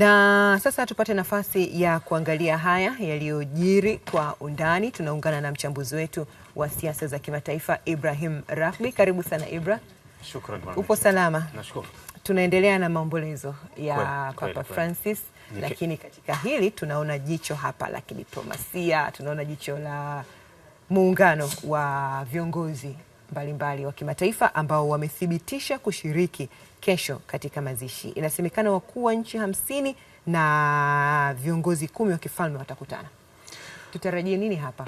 Na sasa tupate nafasi ya kuangalia haya yaliyojiri kwa undani. Tunaungana na mchambuzi wetu wa siasa za kimataifa Ibrahim Rahbi. Karibu sana Ibra. Shukrani. Upo salama? Nashukuru. Tunaendelea na maombolezo ya kwele, Papa Francis Nike. Lakini katika hili tunaona jicho hapa la kidiplomasia, tunaona jicho la muungano wa viongozi mbalimbali wa kimataifa ambao wamethibitisha kushiriki kesho katika mazishi. Inasemekana wakuu wa nchi hamsini na viongozi kumi wa kifalme watakutana. Tutarajie nini hapa?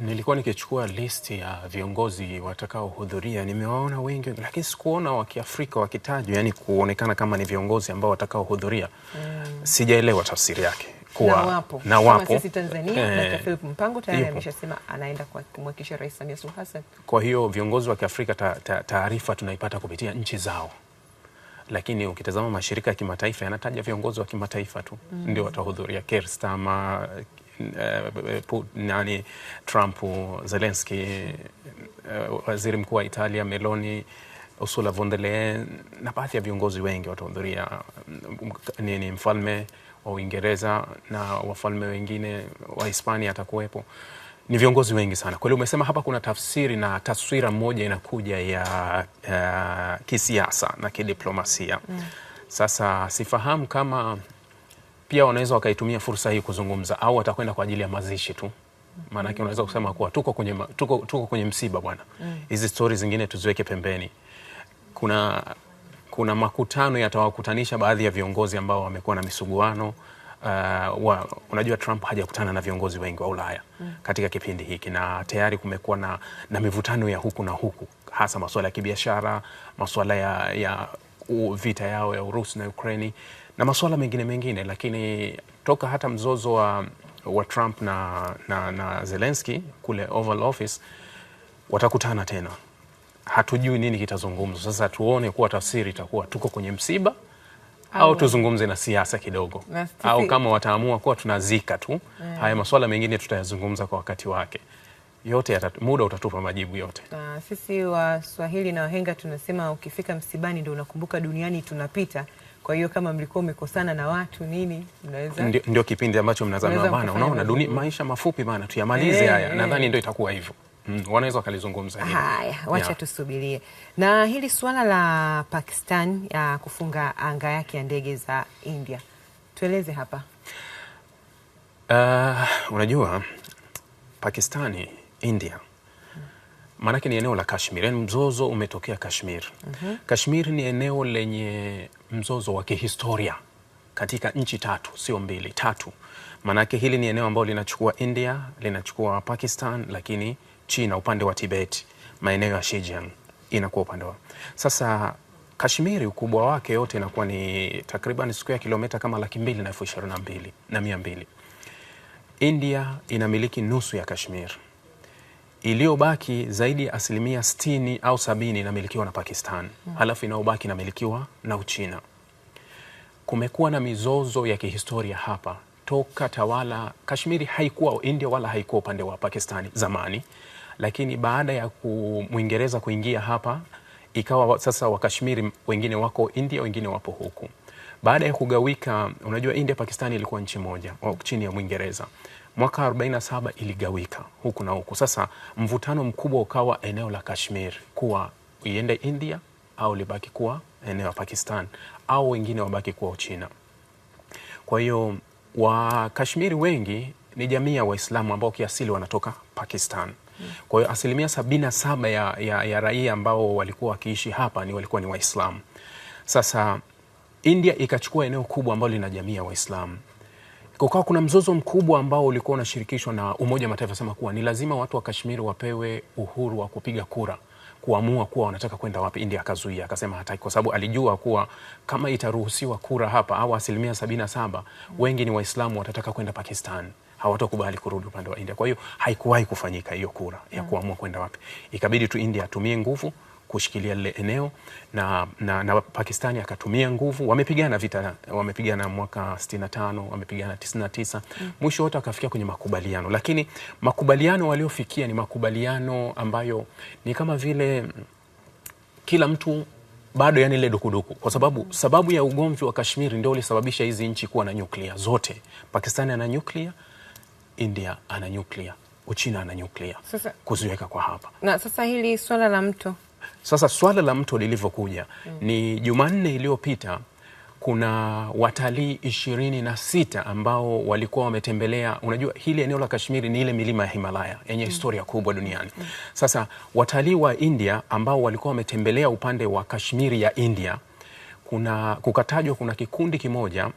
Nilikuwa nikichukua listi ya viongozi watakaohudhuria, nimewaona wengi, lakini sikuona wa Kiafrika wakitajwa, yani kuonekana kama ni viongozi ambao watakaohudhuria mm. Sijaelewa tafsiri yake kuwa na wapo, na wapo. sisi Tanzania eh, Dr. Philip Mpango tayari ameshasema anaenda kumwakilisha Rais Samia Suluhu Hassan. Kwa hiyo viongozi wa Kiafrika taarifa ta, ta tunaipata kupitia nchi zao, lakini ukitazama mashirika ya kimataifa yanataja viongozi wa kimataifa tu mm. ndio watahudhuria Keir Starmer Uh, nani Trump, Zelensky, uh, waziri mkuu wa Italia Meloni, Ursula von der Leyen na baadhi ya viongozi wengi watahudhuria, nini mfalme wa Uingereza na wafalme wengine wa Hispania atakuwepo ni viongozi wengi sana. Kwa hiyo umesema hapa kuna tafsiri na taswira moja inakuja ya, ya kisiasa na kidiplomasia mm. Sasa sifahamu kama pia wanaweza wakaitumia fursa hii kuzungumza au watakwenda kwa ajili ya mazishi tu, maanake mm. unaweza kusema kuwa tuko kwenye, tuko, tuko kwenye msiba bwana, mm. hizi mm. stori zingine tuziweke pembeni. Kuna kuna makutano yatawakutanisha baadhi ya viongozi ambao wamekuwa na misuguano. Uh, wa, unajua Trump hajakutana na viongozi wengi wa Ulaya mm. katika kipindi hiki na tayari kumekuwa na, na mivutano ya huku na huku, hasa masuala ya kibiashara, masuala ya, ya u, vita yao ya Urusi na Ukraini na masuala mengine mengine, lakini toka hata mzozo wa, wa Trump na, na, na Zelensky kule Oval Office watakutana tena hatujui nini kitazungumzwa. Sasa tuone kuwa tafsiri itakuwa tuko kwenye msiba au, au tuzungumze na siasa kidogo na au kama wataamua kuwa tunazika tu yeah. Haya masuala mengine tutayazungumza kwa wakati wake yote yata, muda utatupa majibu yote. Na sisi Waswahili na wahenga tunasema ukifika msibani ndio unakumbuka duniani tunapita. Kwa hiyo kama mlikuwa umekosana na watu nini, mnaweza ndio, ndio kipindi ambacho mnazama, maana unaona maisha mafupi, maana tuyamalize eh. haya. Nadhani ndio itakuwa hivyo. Mm, wanaweza wakalizungumza hili. Haya, wacha yeah, tusubirie. Na hili suala la Pakistan ya kufunga anga yake ya ndege za India, tueleze hapa. Uh, unajua Pakistani, India maanake ni eneo la Kashmir, yaani mzozo umetokea Kashmir. mm -hmm. Kashmir ni eneo lenye mzozo wa kihistoria katika nchi tatu, sio mbili, tatu. Maanake hili ni eneo ambalo linachukua India, linachukua Pakistan, lakini China upande wa Tibet, maeneo ya Xinjiang inakuwa upande wa. Sasa Kashmiri ukubwa wake yote inakuwa ni takriban siku ya kilomita kama laki mbili na elfu ishirini na mbili na mia mbili. India inamiliki nusu ya Kashmir, iliyobaki zaidi ya asilimia sitini au sabini inamilikiwa na Pakistan mm. Halafu inayobaki inamilikiwa na Uchina. Kumekuwa na mizozo ya kihistoria hapa toka tawala Kashmiri haikuwa India wala haikuwa upande wa Pakistani zamani lakini baada ya Mwingereza kuingia hapa ikawa sasa Wakashmiri wengine wako India, wengine wapo huku. Baada ya kugawika, unajua India Pakistani ilikuwa nchi moja chini ya Mwingereza. Mwaka 47 iligawika huku na huku. Sasa mvutano mkubwa ukawa eneo la Kashmir kuwa iende India au libaki kuwa eneo la Pakistan au wengine wabaki kuwa Uchina. Kwa hiyo Wakashmiri wengi ni jamii ya Waislamu ambao kiasili wanatoka Pakistan. Kwa hiyo asilimia sabini na saba ya, ya, ya raia ambao walikuwa wakiishi hapa ni walikuwa ni Waislamu. Sasa India ikachukua eneo kubwa ambalo lina jamii ya Waislamu kukawa kuna mzozo mkubwa ambao ulikuwa unashirikishwa na Umoja wa Mataifa sema kuwa ni lazima watu wa kashmiri wapewe uhuru wa kupiga kura kuamua kuwa wanataka kwenda wapi. India akazuia, akasema hataki, kwa sababu alijua kuwa kama itaruhusiwa kura hapa au asilimia sabini na saba wengi ni Waislamu watataka kwenda Pakistan hawatakubali kurudi upande wa India. Kwa hiyo haikuwahi kufanyika hiyo kura ya mm. kuamua kwenda wapi, ikabidi tu India atumie nguvu kushikilia lile eneo na, na, na Pakistani akatumia nguvu. Wamepigana vita, wamepigana mwaka 65, wamepigana 99, mm. mwisho wote wakafikia kwenye makubaliano, lakini makubaliano waliofikia ni makubaliano ambayo ni kama vile kila mtu bado yani ile dukuduku kwa sababu mm. sababu ya ugomvi wa Kashmiri ndio ulisababisha hizi nchi kuwa na nyuklia zote. Pakistani ana nyuklia India ana nyuklia, Uchina ana nyuklia, kuziweka kwa hapa. Na sasa hili swala la mto, sasa swala la mto lilivyokuja mm. ni Jumanne iliyopita kuna watalii ishirini na sita ambao walikuwa wametembelea. Unajua, hili eneo la Kashmiri ni ile milima ya Himalaya yenye historia kubwa duniani. Sasa watalii wa India ambao walikuwa wametembelea upande wa Kashmiri ya India, kuna kukatajwa, kuna kikundi kimoja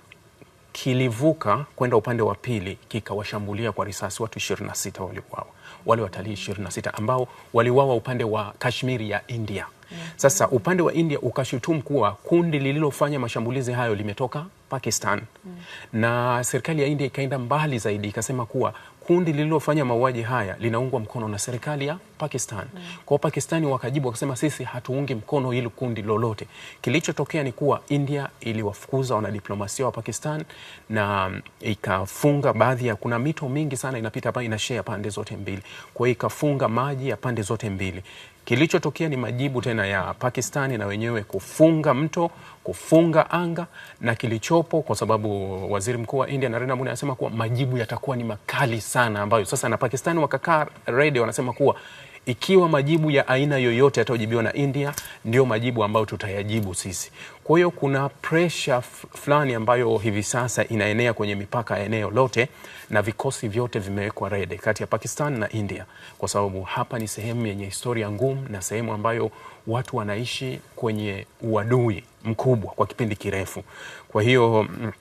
kilivuka kwenda upande wa pili kikawashambulia kwa risasi watu 26 waliuawa, wale watalii 26 ambao waliuawa upande wa Kashmiri ya India. Mm. Sasa upande wa India ukashutumu kuwa kundi lililofanya mashambulizi hayo limetoka Pakistan. Mm. Na serikali ya India ikaenda mbali zaidi ikasema kuwa kundi lililofanya mauaji haya linaungwa mkono na serikali ya Pakistan. Mm. Kwa Pakistani wakajibu wakasema sisi hatuungi mkono hili kundi lolote. Kilichotokea ni kuwa India iliwafukuza wanadiplomasia wa Pakistan na mm, ikafunga baadhi ya kuna mito mingi sana inapita hapa inashare pande zote mbili. Kwa hiyo ikafunga maji ya pande zote mbili. Kilichotokea ni majibu tena ya Pakistani na wenyewe kufunga mto, kufunga anga na kilichopo, kwa sababu waziri mkuu wa India Narendra Modi anasema kuwa majibu yatakuwa ni makali sana, ambayo sasa na Pakistani wakakaa rede, wanasema kuwa ikiwa majibu ya aina yoyote yataojibiwa na India, ndio majibu ambayo tutayajibu sisi. Kwa hiyo kuna presha fulani ambayo hivi sasa inaenea kwenye mipaka ya eneo lote, na vikosi vyote vimewekwa rede kati ya Pakistan na India, kwa sababu hapa ni sehemu yenye historia ngumu na sehemu ambayo watu wanaishi kwenye uadui mkubwa kwa kipindi kirefu. Kwa hiyo mm,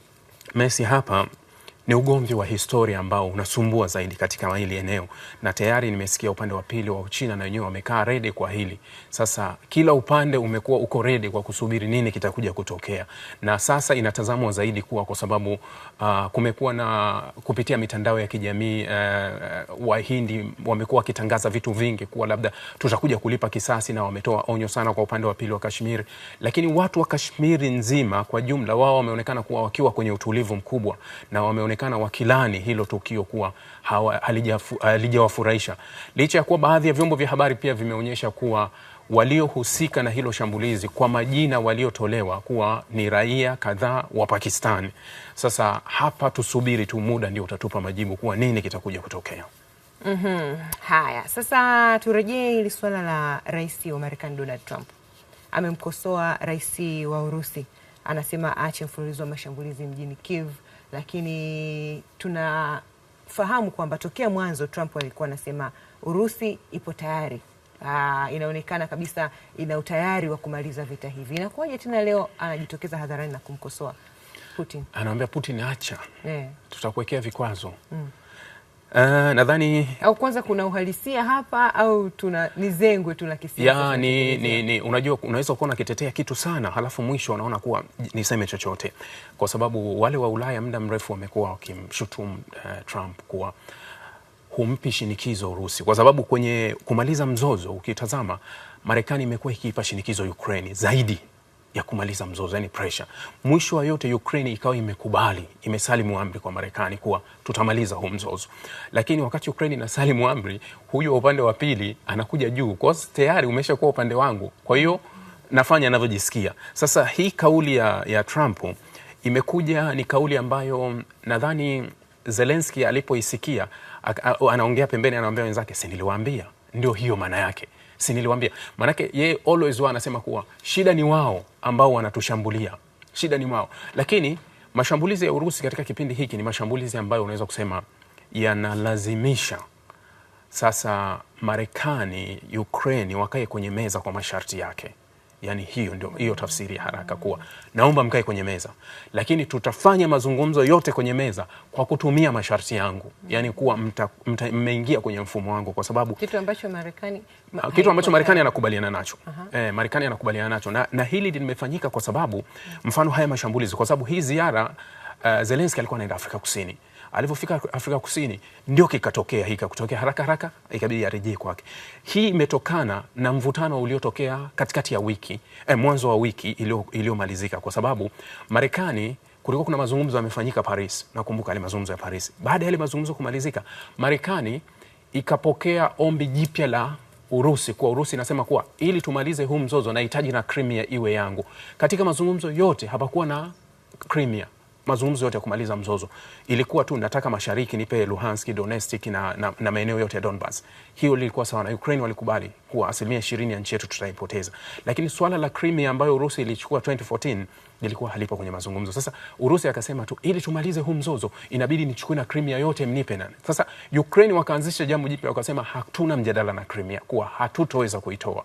Messi hapa ni ugomvi wa historia ambao unasumbua zaidi katika hili eneo, na tayari nimesikia upande wa pili wa Uchina na wenyewe wamekaa rede kwa hili. Sasa kila upande umekuwa uko rede kwa kusubiri nini kitakuja kutokea, na sasa inatazamwa zaidi kuwa kwa sababu uh, kumekuwa na kupitia mitandao ya kijamii uh, Wahindi wamekuwa wakitangaza vitu vingi kuwa labda tutakuja kulipa kisasi, na wametoa onyo sana kwa upande wa pili wa Kashmir, lakini watu wa Kashmiri nzima kwa jumla wao wameonekana kuwa wakiwa kwenye utulivu mkubwa na wame wanaonekana wakilani hilo tukio kuwa halijawafurahisha, licha ya kuwa baadhi ya vyombo vya habari pia vimeonyesha kuwa waliohusika na hilo shambulizi kwa majina waliotolewa kuwa ni raia kadhaa wa Pakistan. Sasa hapa tusubiri tu, muda ndio utatupa majibu kuwa nini kitakuja kutokea. Mm -hmm. Haya, sasa turejee hili suala la rais wa Marekani Donald Trump. Amemkosoa rais wa Urusi, anasema aache mfululizo wa mashambulizi mjini Kiev lakini tunafahamu kwamba tokea mwanzo Trump alikuwa anasema Urusi ipo tayari. Aa, ah, inaonekana kabisa ina utayari wa kumaliza vita hivi. Inakuwaje tena leo anajitokeza hadharani na kumkosoa Putin? Anaambia Putin acha, yeah. tutakuwekea vikwazo mm. Uh, nadhani au kwanza kuna uhalisia hapa au tuna ni zengwe tu la kisiasa. Ni, ni, ni unajua unaweza kuona kitetea kitu sana halafu mwisho unaona kuwa niseme chochote, kwa sababu wale wa Ulaya muda mrefu wamekuwa wakimshutumu uh, Trump kuwa humpi shinikizo Urusi, kwa sababu kwenye kumaliza mzozo ukitazama Marekani imekuwa ikiipa shinikizo Ukraine zaidi ya kumaliza mzozo, yani pressure. Mwisho wa yote Ukraine ikawa imekubali, imesalimu amri kwa Marekani kuwa tutamaliza huu mzozo, lakini wakati Ukraine inasalimu amri, huyo upande wa pili anakuja juu, kwa sababu tayari umeshakuwa upande wangu, kwa hiyo nafanya anavyojisikia. Sasa hii kauli ya, ya Trump imekuja ni kauli ambayo nadhani Zelensky alipoisikia anaongea pembeni, anaambia wenzake, si niliwaambia? Ndio hiyo maana yake si niliwaambia? Maanake yeye always wa anasema kuwa shida ni wao ambao wanatushambulia, shida ni wao. Lakini mashambulizi ya Urusi katika kipindi hiki ni mashambulizi ambayo unaweza kusema yanalazimisha sasa Marekani, Ukraine wakae kwenye meza kwa masharti yake. Yani hiyo ndio hiyo tafsiri ya haraka, kuwa naomba mkae kwenye meza, lakini tutafanya mazungumzo yote kwenye meza kwa kutumia masharti yangu, yani kuwa mmeingia kwenye mfumo wangu, kwa sababu kitu ambacho Marekani ma, ah, kitu ambacho Marekani anakubaliana nacho uh -huh. Eh, Marekani anakubaliana nacho na, na hili limefanyika kwa sababu mfano haya mashambulizi, kwa sababu hii ziara uh, Zelensky alikuwa anaenda Afrika Kusini alivyofika Afrika Kusini ndio kikatokea hika kutokea haraka haraka, ikabidi arejee kwake. Hii imetokana na mvutano uliotokea katikati ya wiki eh, mwanzo wa wiki iliyomalizika kwa sababu Marekani kulikuwa kuna mazungumzo yamefanyika Paris. Nakumbuka yale mazungumzo ya Paris. Baada ya yale mazungumzo kumalizika, Marekani ikapokea ombi jipya la Urusi kuwa Urusi inasema kuwa ili tumalize huu mzozo nahitaji na Crimea iwe yangu. Katika mazungumzo yote hapakuwa na Crimea mazungumzo yote ya kumaliza mzozo ilikuwa tu nataka mashariki nipe Luhansk, Donetsk na, na, na maeneo yote ya Donbas. Hiyo lilikuwa sawa na Ukraine walikubali kuwa asilimia ishirini ya nchi yetu tutaipoteza, lakini swala la Crimea ambayo Urusi ilichukua 2014 lilikuwa halipo kwenye mazungumzo. Sasa Urusi akasema tu ili tumalize huu mzozo inabidi nichukue na Crimea yote mnipe nani. Sasa Ukraine wakaanzisha jambo jipya wakasema hatuna mjadala na Crimea, kuwa hatutoweza kuitoa.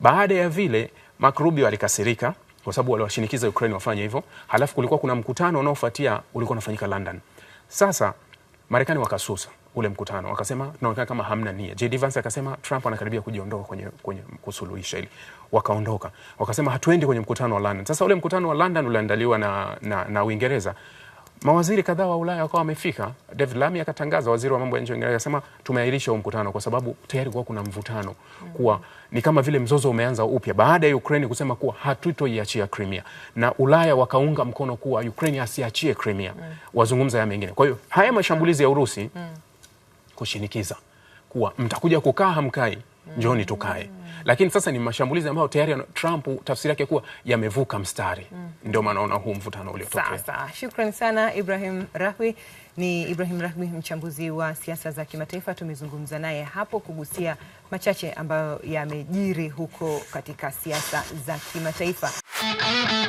Baada ya vile Mark Rubio alikasirika kwa sababu waliwashinikiza Ukraine wafanye hivyo. Halafu kulikuwa kuna mkutano unaofuatia ulikuwa unafanyika London. Sasa Marekani wakasusa ule mkutano, wakasema tunaonekana kama hamna nia. JD Vance akasema Trump anakaribia kujiondoka kwenye, kwenye kusuluhisha hili. Wakaondoka wakasema hatuendi kwenye mkutano wa London. Sasa ule mkutano wa London uliandaliwa na, na, na Uingereza Mawaziri kadhaa wa Ulaya wakawa wamefika. David Lammy akatangaza, waziri wa mambo ya nje wa Uingereza akasema, tumeahirisha huu mkutano kwa sababu tayari kuwa kuna mvutano, kuwa ni kama vile mzozo umeanza upya baada ya Ukraine kusema kuwa hatutoiachia Crimea, na Ulaya wakaunga mkono kuwa Ukraine asiachie Crimea, wazungumza ya mengine. Kwa hiyo haya mashambulizi ya Urusi kushinikiza kuwa mtakuja kukaa hamkai Mm. njoni tukae. Lakini sasa ni mashambulizi ambayo tayari Trump tafsiri yake kuwa yamevuka mstari, mm. ndio maana unaona huu mvutano uliotokea. Sawa, shukrani sana Ibrahim Rahwi. Ni Ibrahim Rahwi, mchambuzi wa siasa za kimataifa. Tumezungumza naye hapo kugusia machache ambayo yamejiri huko katika siasa za kimataifa.